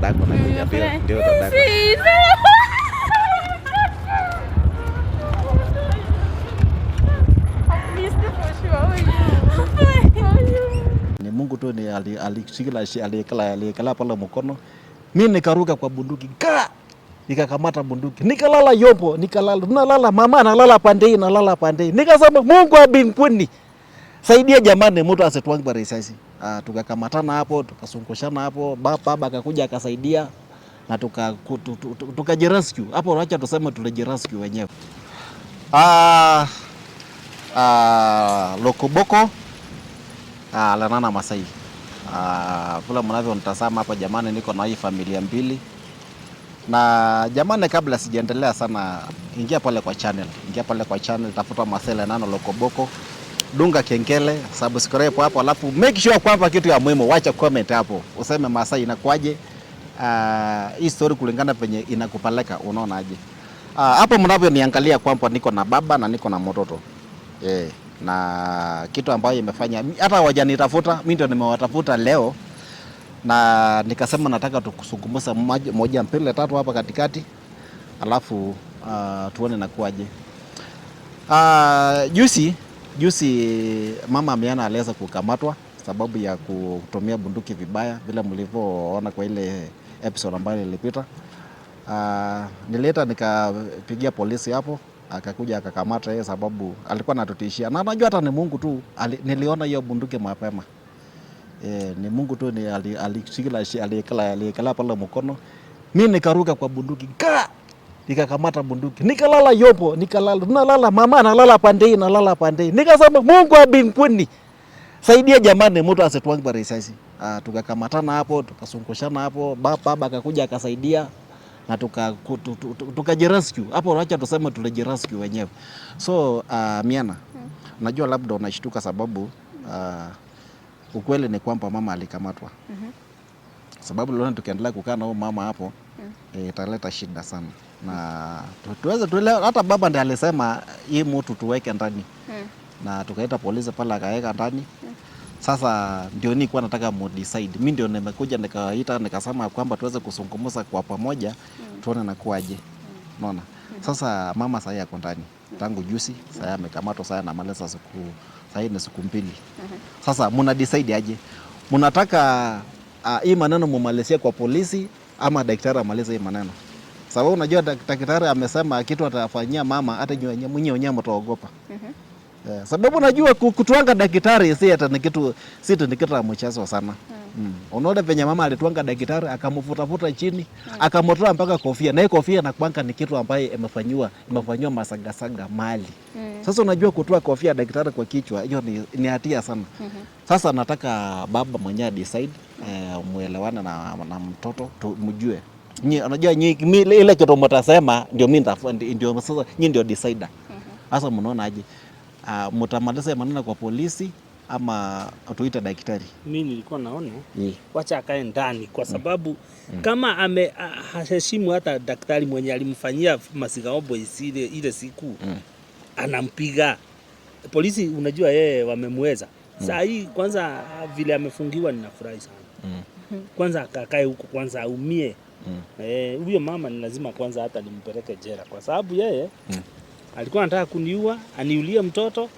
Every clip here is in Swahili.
dadako anakuja, ndio dadako ni Mungu tu ni aliyekala pale mkono. Mi nikaruka kwa bunduki ka nikakamata bunduki nikalala yopo, nikalala nalala, mama nalala pande hii, nalala pande hii, nikasema Mungu wa mbinguni, saidia jamani, mtu asitwangi risasi uh, tukakamatana hapo tukasungushana hapo, baba akakuja akasaidia na tukajirescue hapo. Acha tuseme tulijirescue wenyewe. Ah, ah, Lokoboko ah, lanana Masai vile ah, mnavyonitazama hapa jamani, niko na hii familia mbili na jamani, kabla sijaendelea sana, ingia pale kwa channel, ingia pale kwa channel, tafuta Masai Lenana Lokoboko dunga kengele, subscribe hapo, alafu make sure kwamba kitu ya muhimu, wacha comment hapo useme Masai inakuaje ah, hii uh, story kulingana penye inakupeleka unaona unaonaje? Ah, hapo uh, mnavyoniangalia kwamba niko na baba na niko na mtoto yeah. Na kitu ambayo imefanya hata wajanitafuta mimi ndio nimewatafuta leo, na nikasema nataka tukusungumusa moja mbili tatu hapa katikati, alafu uh, tuone nakuaje. Uh, juicy Juzi mama Miana aliweza kukamatwa sababu ya kutumia bunduki vibaya vile mlivyoona kwa ile episode ambayo ilipita. Uh, ah, nileta nikapigia polisi hapo, akakuja akakamata yeye sababu alikuwa anatutishia, na najua hata ni Mungu tu ali, niliona hiyo bunduki mapema e, ni Mungu tu aliekela pale mkono, mi nikaruka kwa bunduki ka nikakamata bunduki nikalala yopo, nikalala nalala mama nalala pande hii, nalala pande hii, nikasema Mungu wa mbinguni saidia jamani, mtu asitwangi kwa risasi. Ah, tukakamatana hapo, tukasungushana hapo, baba akakuja akasaidia na tuka tukajirescue hapo. Acha tuseme tulijirescue wenyewe. So uh, Miana, hmm. Najua labda unashtuka sababu uh, ukweli ni kwamba mama alikamatwa hmm. Sababu leo tukiendelea kukaa na mama hapo hmm. E, shida sana na tuweze tuelewa. Hata baba ndiye alisema hii mtu tuweke ndani hmm. na tukaita polisi pale akaweka ndani hmm. Sasa ndio nilikuwa nataka mu decide mimi, ndio nimekuja nikaita nikasema kwamba tuweze kusungumuza kwa pamoja hmm. tuone nakuaje, hmm. unaona hmm. Sasa mama sasa yako ndani hmm. tangu juzi, hmm. sasa amekamatwa, sasa anamaliza siku sasa ni siku mbili. Sasa muna decide aje, mnataka ah, hii maneno mumalizie kwa polisi ama daktari amalize hii maneno sababu unajua daktari amesema kitu atafanyia mama hata mwenyewe mwenyewe mtaogopa. Yeah, mhm. sababu unajua kutwanga daktari si hata ni kitu si ni kitu la mchezo sana. Mm. Mm. Unaona venye mama alitwanga daktari akamfutafuta chini, mm. akamotoa mpaka kofia. Na kofia na kwanga ni kitu ambaye imefanywa imefanywa masangasanga mali. Mm. Sasa unajua kutoa kofia daktari kwa kichwa hiyo ni, ni hatia sana. Mm -hmm. Sasa nataka baba mwenyewe decide, eh, muelewane na, na mtoto tu, mjue Nye, unajua nye, ile kitu mtasema ndio mimi ndio sasa nyinyi ndio decider. Mhm. Sasa mnaona aje? Uh, ah, mtamaliza maneno kwa polisi ama tuita daktari? Mimi nilikuwa naona Wacha akae ndani kwa mm. sababu mm. kama ame haheshimu hata daktari mwenye alimfanyia masigaobo ile ile siku mm. anampiga polisi, unajua yeye wamemweza mm. Saa hii kwanza vile amefungiwa ninafurahi sana mm. Kwanza akakae huko kwanza aumie Mm. Eh, huyo mm. E, mama ni lazima kwanza hata nimpeleke jera kwa sababu yeye mm. alikuwa anataka kuniua, aniulie mtoto,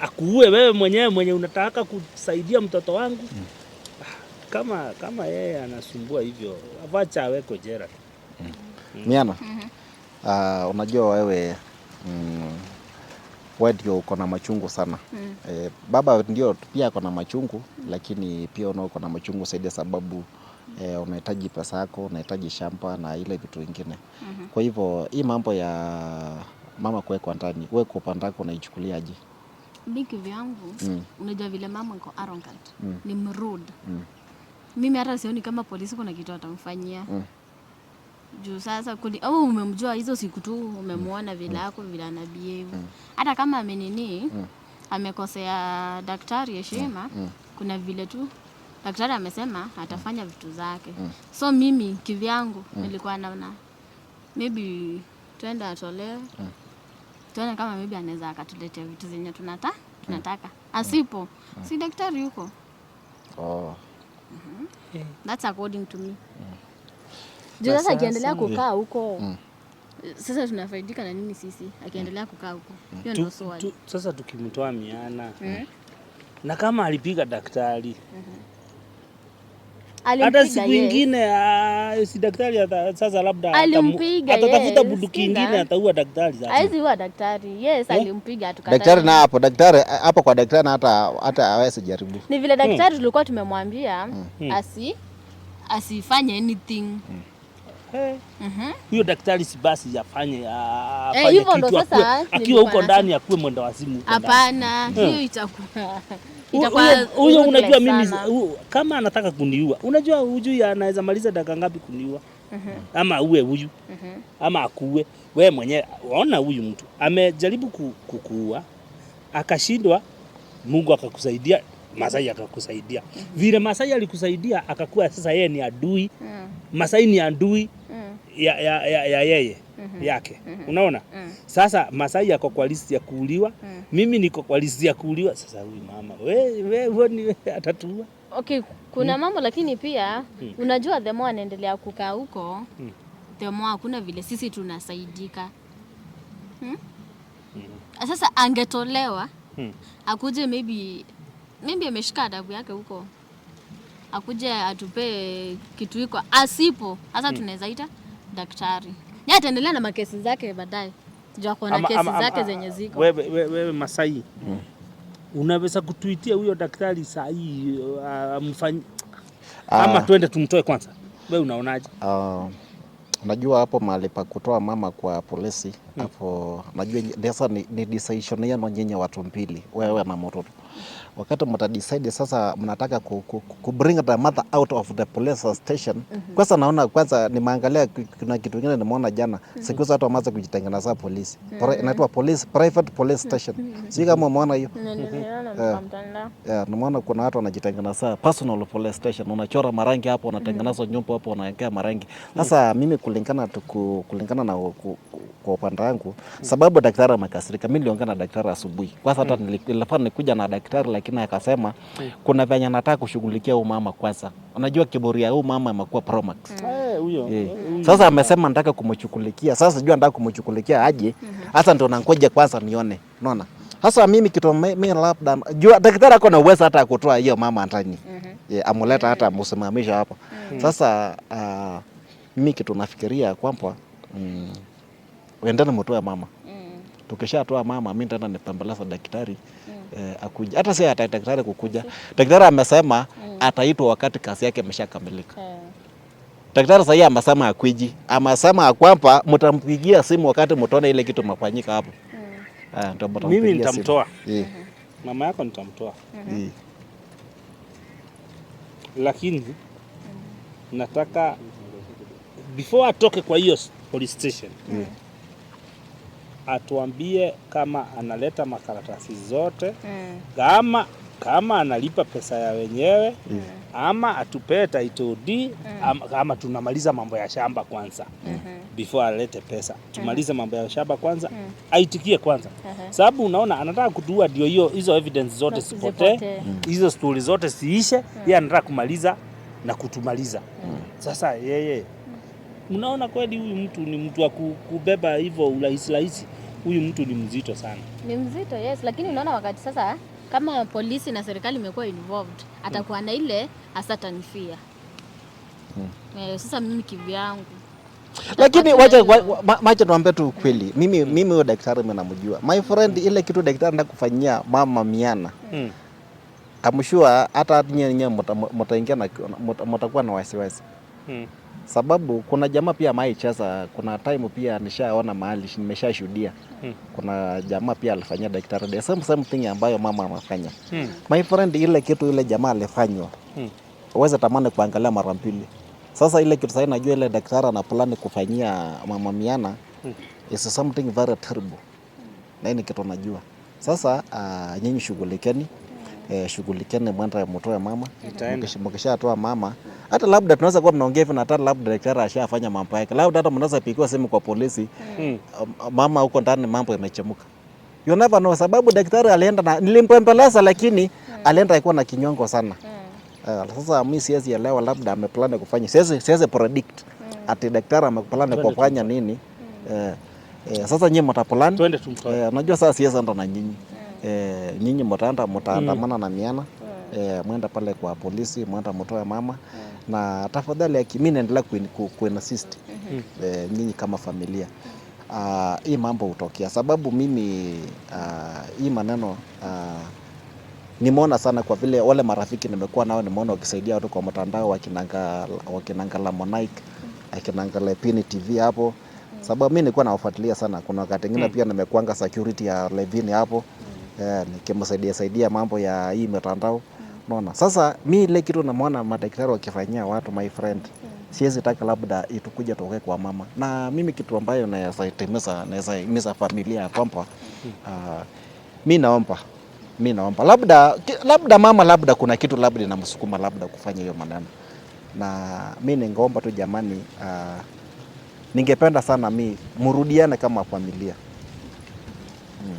akuue wewe mwenyewe mwenye unataka kusaidia mtoto wangu mm. Ah, kama kama yeye anasumbua hivyo, wacha aweko jera mm. mm. Miana mm -hmm. uh, unajua wewe mm, wewe ndio uko na machungu sana mm. E, baba ndio pia ako na machungu mm. Lakini pia unao uko na machungu zaidi sababu e, unahitaji pesa yako, unahitaji shamba na ile vitu vingine. Mm -hmm. Kwa hivyo hii mambo ya mama kuwekwa ndani, wewe kwa upande wako unaichukuliaje? Mimi kivyangu, mm. unajua vile mama iko arrogant, mm. ni mrude. Mm. Mimi hata sioni kama polisi kuna kitu atamfanyia. Mm. Juu sasa kuli au umemjua hizo siku tu umemwona vile yako mm. vile anabehave. Mm. Hata kama amenini mm. amekosea daktari heshima mm. mm. kuna vile tu daktari amesema atafanya vitu zake mm. So mimi kivyangu mm. nilikuwa naona maybe twende atolewe mm. tuone kama maybe anaweza akatuletea vitu zenye tunata mm. tunataka mm. asipo mm. si daktari yuko oh. mm -hmm. That's according to me mm. Juu sasa akiendelea kukaa huko mm. Sasa tunafaidika na nini sisi akiendelea kukaa huko mm. hiyo ndio swali. Sasa tukimtoa miana mm. na kama alipiga daktari mm -hmm hata siku ingine ah, si daktari sasa, labda alimpiga, atatafuta bunduki ingine, ataua daktari sasa. Haizi huwa daktari, yes, eh? alimpiga tukataje. Daktari na hapo daktari eh, hapo kwa daktari, na hata hata hawezi jaribu. Ni vile daktari hmm. tulikuwa tumemwambia hmm. Hmm. asi asifanye anything huyo eh. mhm. Daktari si basi yafanye eh, hivyo ndo sasa, akiwa huko ndani akuwe mwenda wazimu. Hapana, hmm. hiyo itakuwa huyo. Unajua mimi kama anataka kuniua, unajua huyu anaweza maliza dakika ngapi kuniua? uh mhm. -huh. Ama uwe huyu uh mhm. -huh. ama akuue we mwenyewe. Waona huyu mtu amejaribu kukuua akashindwa, Mungu akakusaidia Masai akakusaidia vile Masai alikusaidia, akakuwa sasa yeye ni adui mm. Masai ni adui mm. ya, ya, ya, ya yeye mm -hmm. yake mm -hmm. unaona mm. Sasa Masai ako kwa listi ya kuuliwa mm. mimi niko kwa listi ya kuuliwa. Sasa huyu mama we, we, we, atatua. okay, kuna mm. mambo lakini pia mm. unajua the more anaendelea kukaa huko mm. more hakuna vile sisi tunasaidika hmm? mm. Sasa angetolewa hmm. akuje maybe maybe ameshika adabu yake huko, akuje atupee kitu iko Asipo hasa hmm. tunaweza ita daktari, ni ataendelea na makesi zake baadaye, tujua kuona kesi zake zenye ziko. Wewe wewe Masai, mm. Unaweza kutuitia huyo daktari saa hii amfanye uh, ah. ama twende tumtoe kwanza? Wewe unaonaje? uh, ah, Unajua hapo mahali pa kutoa mama kwa polisi hmm. hapo, najua sasa ni, ni decision yenu nyinyi watu mbili, wewe na mtoto wakati mta decide sasa mnataka ku, ku, ku bring the mother out of the police station mm -hmm. Kwanza naona kwanza nimeangalia kuna kitu kingine nimeona jana mm -hmm. Siku hizo watu wameanza kujitengeneza polisi mm -hmm. Inaitwa police private police station mm -hmm. Sio kama umeona hiyo eh. nimeona kuna watu wanajitengeneza personal police station, unachora marangi hapo, unatengeneza mhm. nyumba hapo, unaekea marangi mhm. sasa. Mimi kulingana tuku, kulingana na kwa upande wangu, mhm. sababu daktari amekasirika. Mimi niliongea na daktari asubuhi kwanza, hata nilikuja na daktari lakini akasema mm. kuna venye nataka kushughulikia huyu mama kwanza. Unajua kiburi ya huyu mama imekuwa Promax mm. yeah. yeah. Sasa amesema nataka kumchukulikia sasa jua nataka kumchukulikia aje mm-hmm. hasa mm -hmm. Ndio nangoja kwanza nione, unaona sasa mimi kitu mimi labda jua daktari ako na uwezo hata kutoa hiyo mama ndani mm -hmm. yeah, amuleta hata amsimamisha hapo mm -hmm. Sasa uh, mimi kitu nafikiria kwamba mm, uendane mtoe mama mm. Tukishatoa mama mimi tena nipembeleza daktari eh, akuja. Hata si daktari kukuja, daktari amesema mm. ataitwa wakati kazi yake imeshakamilika. Eh. Daktari sasa amesema akuji, amesema kwamba mtampigia simu wakati mtaona ile kitu mafanyika hapo. Ah, ndio mtampigia. Mimi nitamtoa. Eh. Mm-hmm. Mama yako nitamtoa. Mm-hmm. Lakini mm-hmm. nataka before atoke kwa hiyo police station. Mm atuambie kama analeta makaratasi zote mm. kama, kama analipa pesa ya wenyewe mm. ama atupee title deed mm. ama, ama tunamaliza mambo ya shamba kwanza mm -hmm. before alete pesa tumalize mambo ya shamba kwanza mm. aitikie kwanza mm -hmm. sababu unaona anataka kutua ndio hiyo hizo evidence zote sipotee hizo mm. stori zote siishe mm. yeye anataka kumaliza na kutumaliza mm. Sasa yeye mnaona mm. kweli huyu mtu ni mtu wa kubeba hivyo urahisi rahisi huyu mtu ni mzito sana. Ni mzito yes, lakini unaona wakati sasa kama polisi na serikali imekuwa involved atakuwa na ile asatan fear. Hmm. Eh, sasa mimi kivyangu lakini wacha wacha tuambie tu kweli, mimi hmm. mimi huyo daktari mimi namjua my friend. Hmm. Ile kitu daktari anataka kufanyia mama Miana, hmm. amshua hata nyenye mtaingia na mtakuwa na wasiwasi Mm sababu kuna jamaa pia amaicheza. Kuna time pia nishaona mahali nimeshashuhudia hmm. kuna jamaa pia alifanyia daktari the same same thing ambayo mama amefanya hmm. my friend, ile kitu ile jamaa alifanywa hmm. uweze tamani kuangalia mara mbili. Sasa ile kitu sasa, najua ile daktari ana plan kufanyia mama Miana hmm. is something very terrible, na ni kitu najua sasa. Uh, nyinyi shughulikeni eh, shughulikiane mwenda mtoe mama, toa mama hata labda tunaweza kuwa mnaongea hivi na hata labda daktari ashafanya mambo yake, labda hata mnaweza pigiwa simu kwa polisi hmm. Um, um, mama huko ndani mambo yamechemuka, you never know, sababu daktari alienda na nilimpembeleza, lakini hmm. alienda alikuwa na kinyongo sana hmm. uh, sasa mimi siwezi elewa, labda ameplan kufanya, siwezi siwezi predict hmm. ati daktari ameplana kufanya nini hmm. uh, uh, sasa nyinyi mtaplan, unajua uh, sasa siwezi enda na nyinyi hmm e, nyinyi mutaenda mutaandamana mm. na miana yeah. Mm. e, eh, mwenda pale kwa polisi mwenda mtoe mama yeah. Mm. na tafadhali aki mimi naendelea kuinasist mm -hmm. eh, nyinyi kama familia Uh, hii mambo hutokea sababu mimi uh, hii maneno uh, nimeona sana kwa vile wale marafiki nimekuwa nao, nimeona wakisaidia watu kwa mtandao, wakinanga wakinangala Monike, mm. akinangala Pini TV hapo, sababu mimi nilikuwa nawafuatilia sana. Kuna wakati ingine pia nimekuanga security ya levini hapo eh, nikimsaidia saidia mambo ya hii mitandao unaona. Sasa mi ile kitu namwona madaktari wakifanyia watu, my friend, siwezi taka labda itukuja toke kwa mama, na mimi kitu ambayo naweza himiza familia ya kwamba uh, mi naomba mi naomba labda, labda mama labda kuna kitu labda inamsukuma labda kufanya hiyo maneno, na mi ningeomba tu jamani, uh, ningependa sana mi murudiane kama familia hmm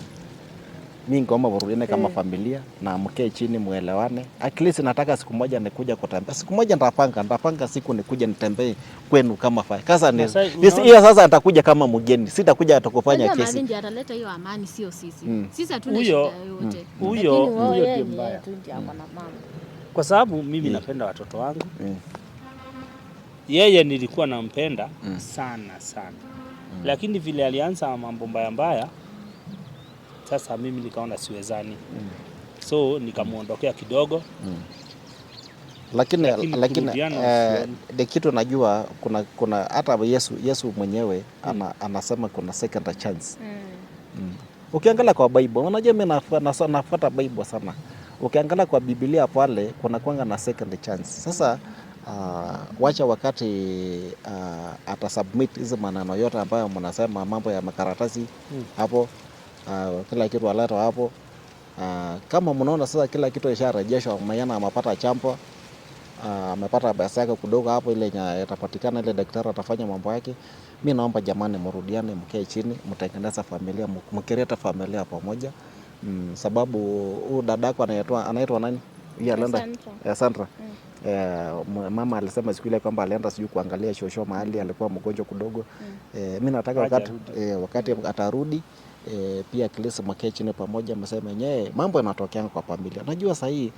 mi ngeomba murudiane kama hey, eh. familia na mkee chini muelewane. At least nataka siku moja nikuja kutembea, siku moja nitapanga, nitapanga siku nikuja nitembee kwenu kama fa sasa. Hiyo sasa nitakuja kama mgeni, sitakuja atakufanya kesi. Ndio ataleta hiyo amani, sio sisi. Mm. Sisi hatuna shida yote mm. huyo huyo ndio mbaya, mm. kwa sababu mimi hmm, napenda watoto wangu hmm. Yeye nilikuwa nampenda hmm, sana sana hmm, lakini vile alianza mambo mbaya mbaya sasa mimi nikaona siwezani, mm. so nikamwondokea kidogo mm. Lakini, lakini eh, de kitu najua kuna kuna hata Yesu, Yesu mwenyewe mm. ana, anasema kuna second chance mm. mm. Ukiangalia kwa Bible, unajua mimi nafuata Bible sana. Ukiangalia kwa Biblia pale kuna kwanga na second chance. Sasa uh, wacha wakati uh, ah, atasubmit hizi maneno yote ambayo mnasema mambo ya makaratasi mm. hapo uh, kila kitu waleta hapo uh, kama mnaona sasa kila kitu isharejeshwa. Mayana amepata champa ah, amepata uh, pesa yake kidogo hapo, ile itapatikana, ile daktari atafanya mambo yake. Mimi naomba jamani, mrudiane, mkae chini, mtengeneza familia, mkireta familia pamoja mm, sababu huyu dadako anaitwa anaitwa nani? Yeah, Sandra. Mm. Eh, mama alisema siku ile kwamba alienda sijui kuangalia shosho mahali alikuwa mgonjwa kidogo. Mm. Eh, mimi nataka wakati, eh, wakati atarudi e, pia Chris Mokechino pamoja amesema yenyewe mambo yanatokea kwa familia. Najua sasa hii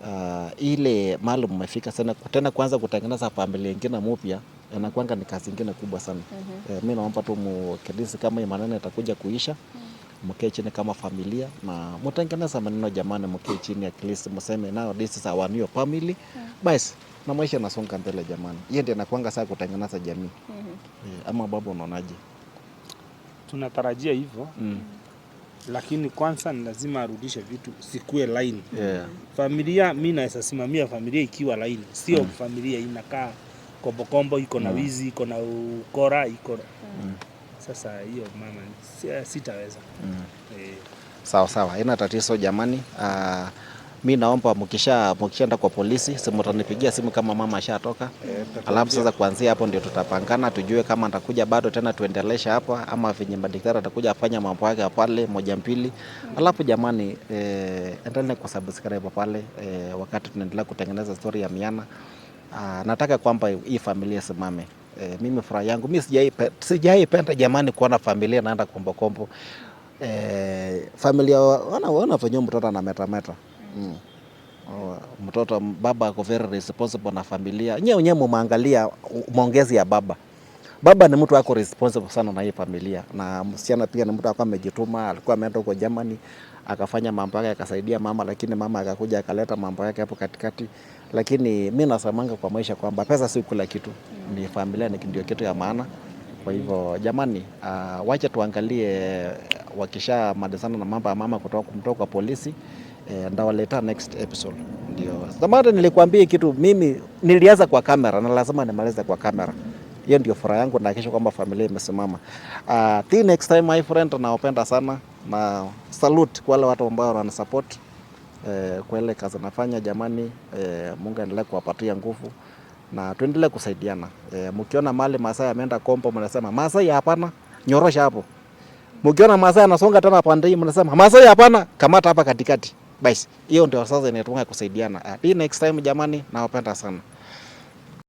uh, ile maalum umefika sana tena, kwanza kutengeneza familia nyingine mpya anakwanga ni kazi nyingine kubwa sana. mm -hmm. E, mi naomba tu mkilisi kama maneno yatakuja kuisha mm -hmm. Mkae chini kama familia na mtengeneza maneno jamani, mkae chini at least mseme nao this is our new family yeah. Mm. Basi na maisha yanasonga mbele jamani, hiyo ndio inakuanga saa kutengeneza jamii mm -hmm. E, ama babu unaonaje? tunatarajia hivyo mm. Lakini kwanza ni lazima arudishe vitu sikuwe laini yeah. Familia mi naweza simamia familia ikiwa laini, sio mm. familia inakaa kombokombo, iko na mm. wizi iko na ukora iko mm. Sasa hiyo mama sitaweza mm. E. Sawa sawa, ina tatizo jamani. uh, mi naomba mkisha mkishaenda kwa polisi, simu utanipigia simu kama mama ashatoka, alafu sasa kuanzia hapo ndio tutapangana, tujue kama atakuja bado tena tuendelesha hapa ama venye madaktari atakuja afanya mambo yake pale moja mbili. Alafu jamani, eh, endelee ku subscribe pale eh, wakati tunaendelea kutengeneza story ya Miana. Ah, nataka kwamba hii familia simame. Eh, mimi furaha yangu mimi sijaipenda jamani kuona familia naenda kombokombo. Eh, familia wana wana venye mtoto anametameta mm. Mtoto baba ako very responsible na familia. Nyewe wenyewe mumeangalia maongezi ya baba. Baba ni mtu ako responsible sana na hii familia, na msichana pia ni mtu alikuwa amejituma, alikuwa ameenda huko Germany akafanya mambo yake, akasaidia mama, lakini mama akakuja akaleta mambo yake hapo katikati. Lakini mi nasamanga kwa maisha kwamba pesa si kula kitu, ni familia ni ndio kitu ya maana. Kwa hivyo jamani, uh, wacha tuangalie wakisha madesana na mambo ya mama kutoka kumtoka kwa polisi eh, ndawaleta next episode. Ndio zamani nilikwambia kitu, mimi nilianza kwa kamera na lazima nimalize kwa kamera. Hiyo ndio furaha yangu, na hakikisha kwamba familia imesimama. Uh, till next time my friend, naopenda sana na salute kwa wale watu ambao wananisupport eh, kwa ile kazi nafanya. Jamani eh, Mungu endelee kuwapatia nguvu na tuendelee kusaidiana. E, mkiona mali Masai ameenda kombo, mnasema Masai hapana, nyorosha hapo. Mkiona Masai anasonga tena pande hii, mnasema Masai hapana, kamata hapa katikati. Basi hiyo ndio sasa inatumika kusaidiana. Hadi ah, next time jamani, nawapenda sana.